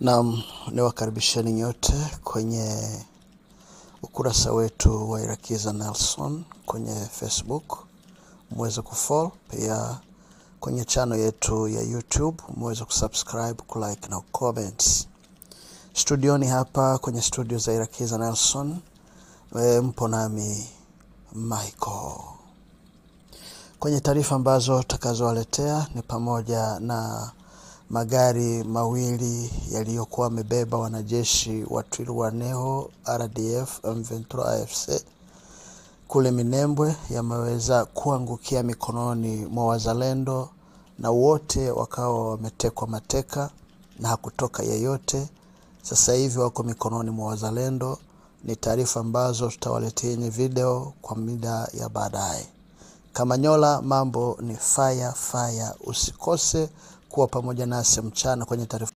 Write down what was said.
Naam, niwakaribisheni nyote kwenye ukurasa wetu wa Irakiza Nelson kwenye Facebook, muweze kufollow pia kwenye chano yetu ya YouTube, muweze kusubscribe, kulike na comment. Studioni hapa kwenye studio za Irakiza Nelson e, mpo nami Michael. Kwenye taarifa ambazo takazowaletea ni pamoja na Magari mawili yaliyokuwa yamebeba wanajeshi wa Twirwaneho RDF M23 AFC kule Minembwe yameweza kuangukia mikononi mwa wazalendo na wote wakawa wametekwa mateka na hakutoka yeyote. Sasa hivi wako mikononi mwa wazalendo. Ni taarifa ambazo tutawaleteeni video kwa mida ya baadaye. Kamanyola, mambo ni faya faya, usikose kuwa pamoja nasi mchana kwenye taarifa